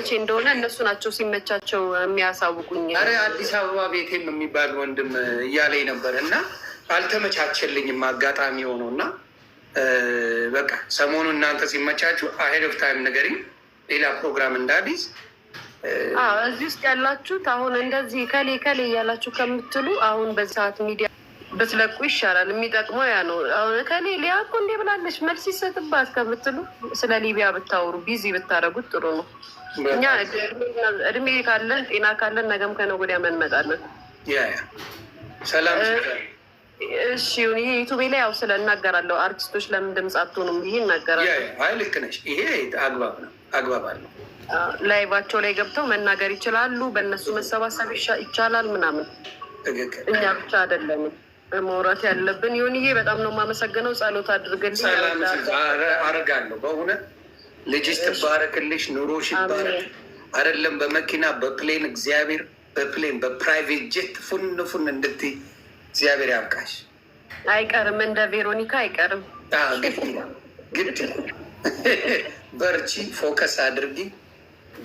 መቼ እንደሆነ እነሱ ናቸው ሲመቻቸው የሚያሳውቁኝ። አረ አዲስ አበባ ቤቴም የሚባል ወንድም እያለኝ ነበር እና አልተመቻቸልኝም አጋጣሚ የሆነው እና በቃ ሰሞኑ እናንተ ሲመቻችሁ አሄድ ኦፍ ታይም ንገሪኝ፣ ሌላ ፕሮግራም እንዳዲስ እዚህ ውስጥ ያላችሁት አሁን እንደዚህ ከሌ ከሌ እያላችሁ ከምትሉ አሁን ሰዓት ሚዲያ ብትለቁ ይሻላል። የሚጠቅመው ያ ነው። አሁን ከኔ ሊያ እኮ እንዴ ብላለች መልስ ይሰጥባት ከምትሉ ስለ ሊቢያ ብታወሩ ቢዚ ብታደረጉት ጥሩ ነው። እኛ እድሜ ካለን ጤና ካለን ነገም ከነገ ወዲያ መንመጣለን። እሺ ይሄ ዩቱቤ ላይ ያው ስለ እናገራለሁ አርቲስቶች ለምን ድምፅ አትሆኑም ብዬ እናገራለሁ። አይ ልክ ነሽ። ይሄ አግባብ ነው፣ አግባብ አለው። ላይቫቸው ላይ ገብተው መናገር ይችላሉ። በእነሱ መሰባሰብ ይቻላል ምናምን እኛ ብቻ አይደለንም። መውራት ያለብን። ይሁንዬ በጣም ነው የማመሰግነው። ጸሎት አድርገን አርጋለሁ። በእውነት ልጅሽ ትባረክልሽ፣ ኑሮሽ ይባረክ። አይደለም በመኪና በፕሌን እግዚአብሔር በፕሌን በፕራይቬት ጀት ፉን ፉን እንድትይ እግዚአብሔር ያብቃሽ። አይቀርም፣ እንደ ቬሮኒካ አይቀርም። ግድ በርቺ፣ ፎከስ አድርጊ።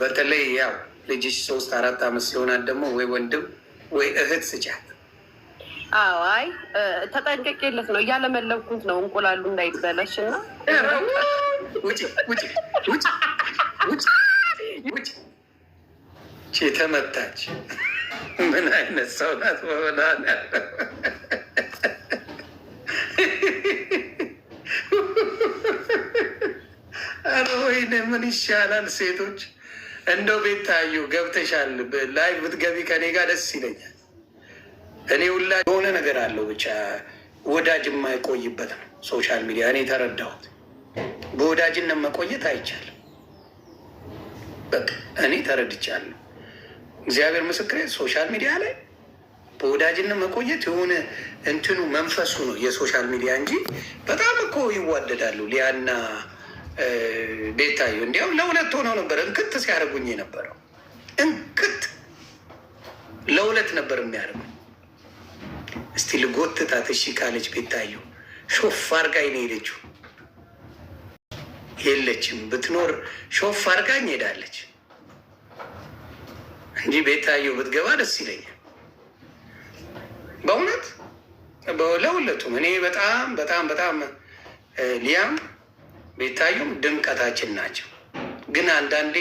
በተለይ ያው ልጅሽ ሶስት አራት አመት ሲሆናት ደግሞ ወይ ወንድም ወይ እህት ስጫት አይ ተጠንቀቄለት ነው እያለመለኩት ነው እንቁላሉ እንዳይበለሽ እና ተመታች። ምን አይነት ሰው ናት? አረ ወይኔ ምን ይሻላል? ሴቶች እንደው ቤት ታዩ ገብተሻል ላይ ብትገቢ ከኔ ጋር ደስ ይለኛል። እኔ ሁላ የሆነ ነገር አለው ብቻ ወዳጅ የማይቆይበት ነው ሶሻል ሚዲያ። እኔ ተረዳሁት። በወዳጅነት መቆየት አይቻልም። በቃ እኔ ተረድቻለሁ። እግዚአብሔር ምስክሬ፣ ሶሻል ሚዲያ ላይ በወዳጅነት መቆየት የሆነ እንትኑ መንፈሱ ነው የሶሻል ሚዲያ እንጂ በጣም እኮ ይዋደዳሉ ሊያና ቤታዩ። እንዲያውም ለሁለት ሆነው ነበር እንክት ሲያደርጉኝ የነበረው። እንክት ለሁለት ነበር የሚያደርጉኝ እስቲ ልጎትታት እሺ ካለች ቤታዩ ሾፍ አርጋኝ ነው ሄደችው። የለችም ብትኖር ሾፍ አርጋኝ ሄዳለች እንጂ ቤታዩ ብትገባ ደስ ይለኛል በእውነት ለሁለቱም። እኔ በጣም በጣም በጣም ሊያም ቤታዩም ድምቀታችን ናቸው። ግን አንዳንዴ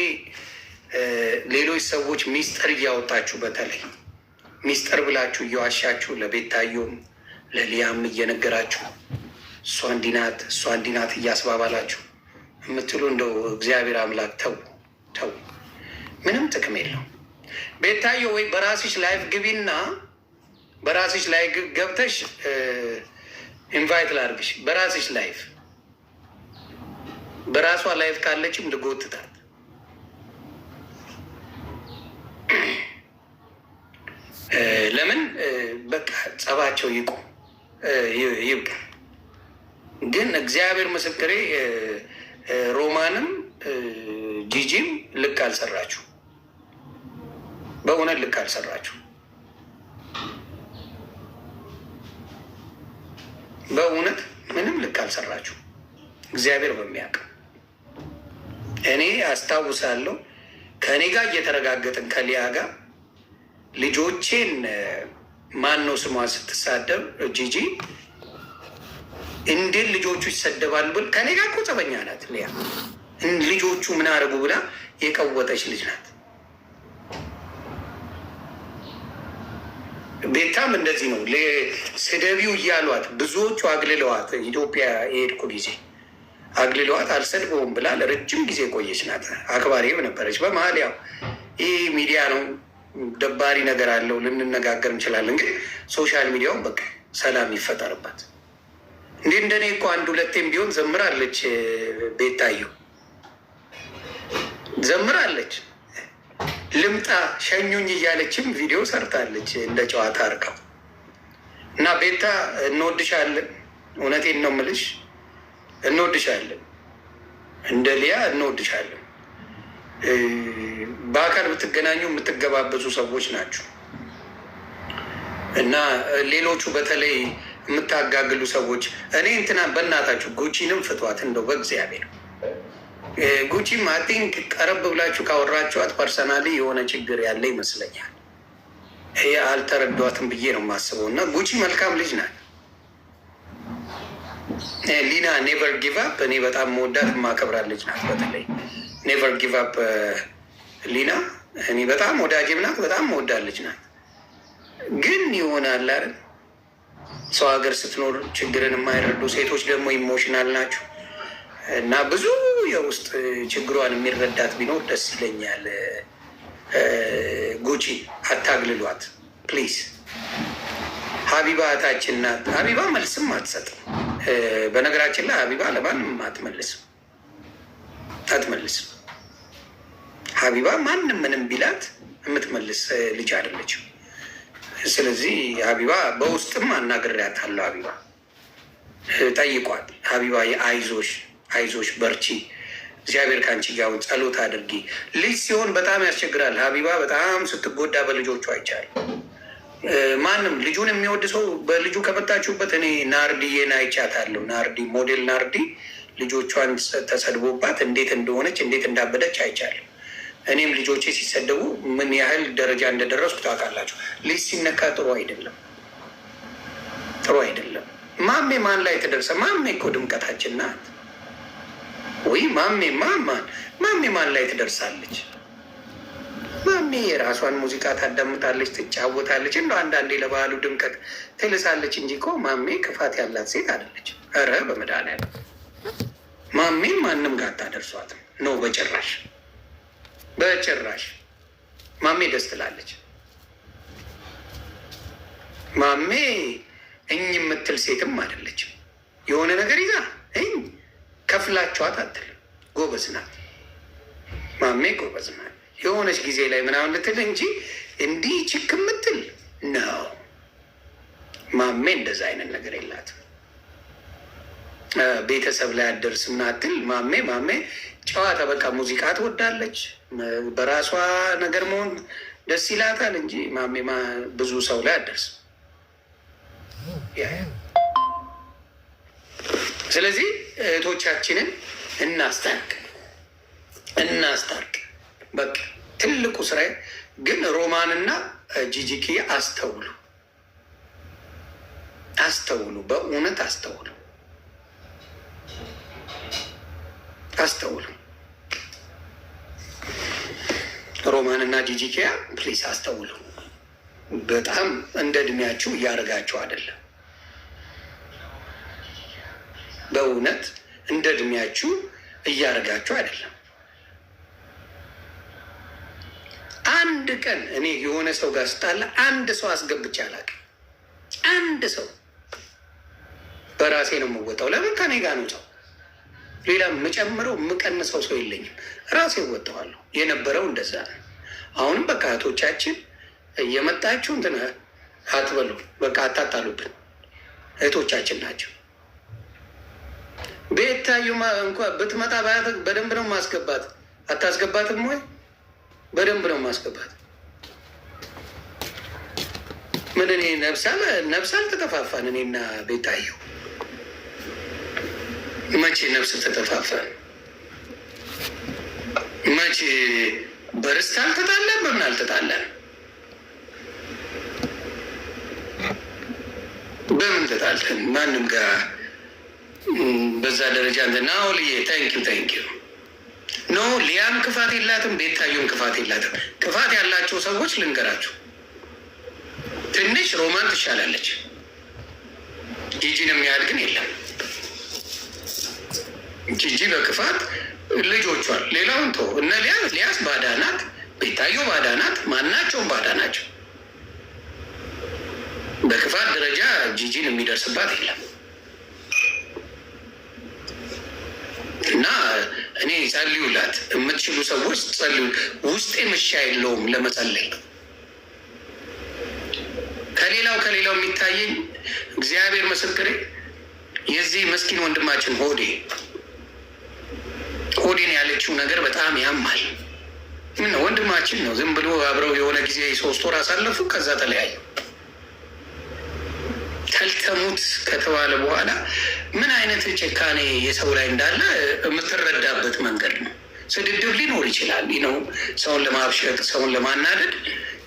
ሌሎች ሰዎች ሚስጥር እያወጣችሁ በተለይ ሚስጥር ብላችሁ እየዋሻችሁ ለቤታዮም ለሊያም እየነገራችሁ እሷ እንዲናት እሷ እንዲናት እያስባባላችሁ የምትሉ እንደው እግዚአብሔር አምላክ ተው ተው፣ ምንም ጥቅም የለው። ቤታዮ ወይ በራስሽ ላይፍ ግቢና በራስሽ ላይ ገብተሽ ኢንቫይት ላርግሽ። በራስሽ ላይፍ በራሷ ላይፍ ካለችም ልጎትታል ለምን በቃ ጸባቸው ይቁም ይብቅ። ግን እግዚአብሔር ምስክሬ ሮማንም ጂጂም ልክ አልሰራችሁ፣ በእውነት ልክ አልሰራችሁ። በእውነት ምንም ልክ አልሰራችሁ። እግዚአብሔር በሚያውቅ እኔ አስታውሳለሁ ከእኔ ጋር እየተረጋገጥን ከሊያ ጋር ልጆቼን ማን ነው ስሟ ስትሳደብ ጂጂ እንዴት ልጆቹ ይሰደባሉ ብል ከኔ ጋር እኮ ጸበኛ ናት። ሊያ ልጆቹ ምን አደረጉ ብላ የቀወጠች ልጅ ናት። ቤታም እንደዚህ ነው። ስደቢው እያሏት ብዙዎቹ አግልለዋት፣ ኢትዮጵያ የሄድኩ ጊዜ አግልለዋት አልሰድበውም ብላ ለረጅም ጊዜ ቆየች ናት። አክባሪም ነበረች። በመሀል ያው ይህ ሚዲያ ነው ደባሪ ነገር አለው ልንነጋገር እንችላለን። ግን ሶሻል ሚዲያውን በቃ ሰላም ይፈጠርበት። እንዲህ እንደኔ እኮ አንድ ሁለቴም ቢሆን ዘምራለች፣ ቤታየው ዘምራለች፣ ልምጣ ሸኙኝ እያለችም ቪዲዮ ሰርታለች እንደ ጨዋታ አርቀው እና ቤታ እንወድሻለን። እውነቴን ነው ምልሽ፣ እንወድሻለን፣ እንደ ሊያ እንወድሻለን። በአካል ብትገናኙ የምትገባበዙ ሰዎች ናችሁ እና ሌሎቹ በተለይ የምታጋግሉ ሰዎች እኔ እንትና በእናታችሁ ጉቺንም ፍቷት እንደው በእግዚአብሔር ጉቺም አይ ቲንክ ቀረብ ብላችሁ ካወራችኋት ፐርሰናሊ የሆነ ችግር ያለ ይመስለኛል። ይህ አልተረዷትም ብዬ ነው የማስበው። እና ጉቺ መልካም ልጅ ናት። ሊና ኔቨር ጊቭ አፕ እኔ በጣም መወዳት የማከብራት ልጅ ናት። በተለይ ኔቨር ጊቭ አፕ ሊና እኔ በጣም ወዳጅም ናት፣ በጣም ወዳለች ናት። ግን ይሆናል አይደል ሰው ሀገር ስትኖር ችግርን የማይረዱ ሴቶች ደግሞ ኢሞሽናል ናቸው እና ብዙ የውስጥ ችግሯን የሚረዳት ቢኖር ደስ ይለኛል። ጉቺ አታግልሏት ፕሊዝ። ሀቢባ እህታችን ናት። ሀቢባ መልስም አትሰጥም። በነገራችን ላይ ሀቢባ ለማንም አትመልስም አትመልስም። ሀቢባ ማንም ምንም ቢላት የምትመልስ ልጅ አይደለችም። ስለዚህ ሀቢባ በውስጥም አናግሬያታለሁ። ሀቢባ ጠይቋት። ሀቢባ አይዞሽ፣ አይዞሽ፣ በርቺ፣ እግዚአብሔር ከአንቺ ጋር ጸሎት አድርጊ። ልጅ ሲሆን በጣም ያስቸግራል። ሀቢባ በጣም ስትጎዳ በልጆቹ አይቻልም። ማንም ልጁን የሚወድ ሰው በልጁ ከመጣችሁበት እኔ ናርዲዬን አይቻታለሁ። ናርዲ ሞዴል ናርዲ ልጆቿን ተሰድቦባት እንዴት እንደሆነች እንዴት እንዳበደች አይቻለም?። እኔም ልጆቼ ሲሰደቡ ምን ያህል ደረጃ እንደደረስኩ ታውቃላችሁ። ልጅ ሲነካ ጥሩ አይደለም፣ ጥሩ አይደለም። ማሜ ማን ላይ ተደርሰ? ማሜ እኮ ድምቀታችን ናት። ወይ ማሜ ማማን ማሜ ማን ላይ ትደርሳለች? ማሜ የራሷን ሙዚቃ ታዳምጣለች፣ ትጫወታለች፣ እንደ አንዳንዴ ለባህሉ ድምቀት ትልሳለች እንጂ እኮ ማሜ ክፋት ያላት ሴት አይደለች። ኧረ በመድኃኒዓለም ማሜን ማንም ጋር አታደርሷትም ነው በጭራሽ። በጭራሽ ማሜ ደስ ትላለች። ማሜ እኝ የምትል ሴትም አይደለችም። የሆነ ነገር ይዛ እኝ ከፍላችኋት አትልም። ጎበዝ ናት ማሜ ጎበዝ ናት። የሆነች ጊዜ ላይ ምናምን ልትል እንጂ እንዲህ ችክ የምትል ነው ማሜ። እንደዛ አይነት ነገር የላትም። ቤተሰብ ላይ አደርስም ናትል ማሜ ማሜ ጨዋታ በቃ ሙዚቃ ትወዳለች። በራሷ ነገር መሆን ደስ ይላታል እንጂ ማሜ ብዙ ሰው ላይ አደርስ። ስለዚህ እህቶቻችንን እናስታርቅ እናስታርቅ። በቃ ትልቁ ስራ ግን ሮማንና ጂጂኪ አስተውሉ፣ አስተውሉ፣ በእውነት አስተውሉ። አስተውሉ። ሮማን እና ጂጂኪያ ፕሊስ አስተውሉ። በጣም እንደ እድሜያችሁ እያደረጋችሁ አይደለም። በእውነት እንደ እድሜያችሁ እያደረጋችሁ አይደለም። አንድ ቀን እኔ የሆነ ሰው ጋር ስጣላ አንድ ሰው አስገብቼ አላውቅም። አንድ ሰው በራሴ ነው የምወጣው። ለምን ከኔ ጋር ነው ሰው ሌላ የምጨምረው የምቀንሰው ሰው የለኝም። ራሴ እወጣዋለሁ። የነበረው እንደዛ ነው። አሁንም በቃ እህቶቻችን እየመጣችሁ እንትን አትበሉ፣ በቃ አታጣሉብን። እህቶቻችን ናቸው። ቤታዩ እንኳ ብትመጣ በደንብ ነው ማስገባት። አታስገባትም ወይ? በደንብ ነው ማስገባት። ምን እኔ ነብሳል ነብሳል ተጠፋፋን እኔና ቤታየው መቼ ነፍስ ተተፋፈ መቼ በርስት አልተጣለን፣ በምን አልተጣለን? በምን ተጣልተን ማንም ጋር በዛ ደረጃ እንትና አውልዬ ታንኪ ታንኪ ኖ ሊያም ክፋት የላትም፣ ቤታዩም ክፋት የላትም። ክፋት ያላቸው ሰዎች ልንገራችሁ፣ ትንሽ ሮማን ትሻላለች። ጂጂን የሚያህል ግን የለም። ጂጂ በክፋት ልጆቿን ሌላውን ተው እነ ሊያስ ሊያስ ባዳ ናት፣ ቤታዮ ባዳ ናት፣ ማናቸውም ባዳ ናቸው። በክፋት ደረጃ ጂጂን የሚደርስባት የለም እና እኔ ጸልዩላት፣ የምትችሉ ሰዎች ጸልዩ። ውስጤ ምሻ የለውም ለመጸለይ ከሌላው ከሌላው የሚታየኝ እግዚአብሔር ምስክሬ የዚህ መስኪን ወንድማችን ሆዴ ኦዴን ያለችው ነገር በጣም ያማል። ምን ወንድማችን ነው። ዝም ብሎ አብረው የሆነ ጊዜ ሶስት ወር አሳለፉ፣ ከዛ ተለያዩ። ተልተሙት ከተባለ በኋላ ምን አይነት ጭካኔ የሰው ላይ እንዳለ የምትረዳበት መንገድ ነው። ስድድብ ሊኖር ይችላል ነው ሰውን ለማብሸጥ ሰውን ለማናደድ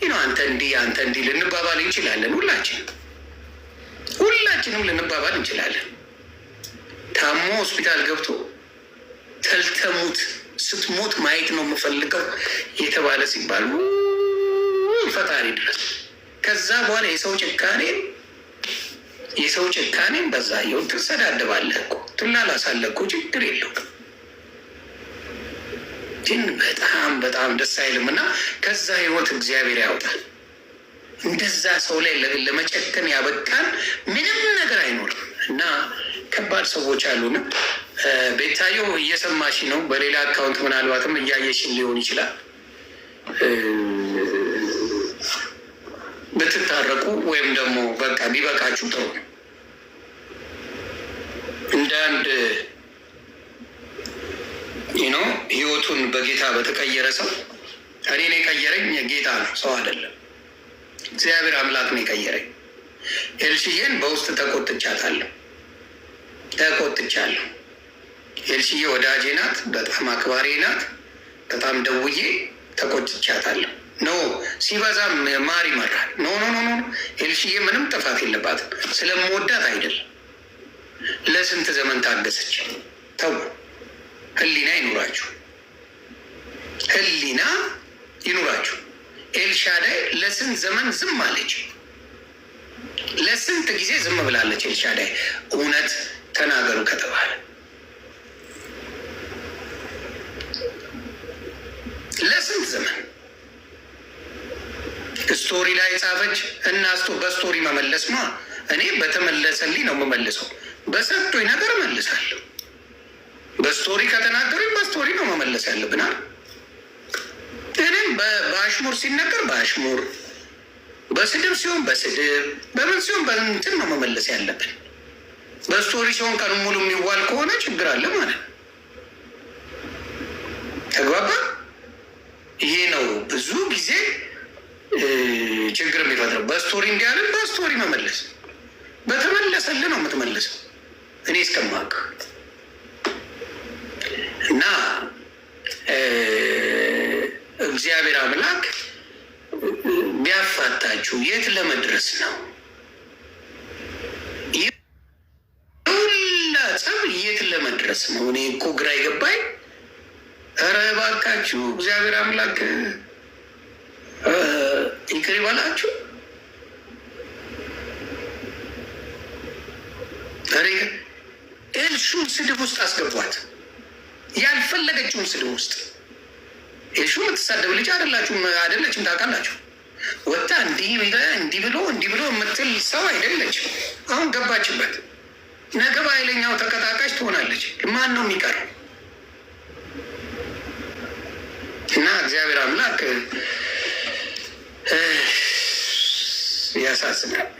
ነው። አንተ እንዲህ አንተ እንዲህ ልንባባል እንችላለን። ሁላችን ሁላችንም ልንባባል እንችላለን። ታሞ ሆስፒታል ገብቶ ተልተሙት ስትሞት ማየት ነው የምፈልገው የተባለ ሲባል ፈጣሪ ድረስ ከዛ በኋላ የሰው ጭካኔ የሰው ጭካኔን በዛ የው ትሰዳደባለህ እኮ ትላላሳለህ እኮ ችግር የለው ግን በጣም በጣም ደስ አይልም እና ከዛ ህይወት እግዚአብሔር ያወጣል እንደዛ ሰው ላይ ለመጨከን ያበቃል ምንም ነገር አይኖርም እና ከባድ ሰዎች አሉንም ቤታዮ እየሰማሽ ነው። በሌላ አካውንት ምናልባትም እያየሽን ሊሆን ይችላል። ብትታረቁ ወይም ደግሞ በቃ ቢበቃችሁ ጥሩ። እንደ አንድ ነው ህይወቱን በጌታ በተቀየረ ሰው እኔን የቀየረኝ ጌታ ነው፣ ሰው አይደለም። እግዚአብሔር አምላክ ነው የቀየረኝ። ኤልሽዬን በውስጥ ተቆጥቻታለሁ፣ ተቆጥቻለሁ ኤልሽዬ ወዳጄ ናት፣ በጣም አክባሪ ናት። በጣም ደውዬ ተቆጭቻታለሁ። ኖ ሲበዛም ማር ይመራል። ኖ ኖ ኖ ኖ ኤልሽዬ ምንም ጥፋት የለባትም። ስለምወዳት አይደለም። ለስንት ዘመን ታገሰች። ተው ህሊና ይኑራችሁ፣ ህሊና ይኑራችሁ። ኤልሻዳይ ለስንት ዘመን ዝም አለች። ለስንት ጊዜ ዝም ብላለች ኤልሻዳይ። እውነት ተናገሩ ከተባለ ስቶሪ ላይ ጻፈች እና በስቶሪ ማ እኔ በተመለሰልኝ ነው የምመልሰው። በሰጡኝ ነገር እመልሳለሁ። በስቶሪ ከተናገሩኝ በስቶሪ ነው መመለስ ያለብና እኔም በአሽሙር ሲነገር በአሽሙር በስድብ ሲሆን በስድብ በምን ሲሆን በእንትን ነው መመለስ ያለብን። በስቶሪ ሲሆን ቀኑ ሙሉ የሚዋል ከሆነ ችግር አለ ማለት ነው። ተግባባ። ይሄ ነው ብዙ ጊዜ ችግር የሚፈጥረው በስቶሪ እንዲያለን በስቶሪ መመለስ በተመለሰልህ ነው የምትመልሰው። እኔ እስከማቅ እና እግዚአብሔር አምላክ ቢያፋታችሁ የት ለመድረስ ነው? ሁላ ጸብ የት ለመድረስ ነው? እኔ እኮ ግራ ይገባኝ። ኧረ እባካችሁ እግዚአብሔር አምላክ ኢንክሪ ባላችሁ ኤልሹን ስድብ ውስጥ አስገቧት። ያልፈለገችውን ስድብ ውስጥ እሹ የምትሳደብ ልጅ አይደላችሁም፣ አይደለችም። ታውቃላችሁ ወታ እንዲህ እንዲህ ብሎ እንዲህ ብሎ የምትል ሰው አይደለችም። አሁን ገባችበት። ነገ በኃይለኛው ተቀጣቃሽ ትሆናለች። ማን ነው የሚቀረው? እና እግዚአብሔር አምላክ ያሳዝናል።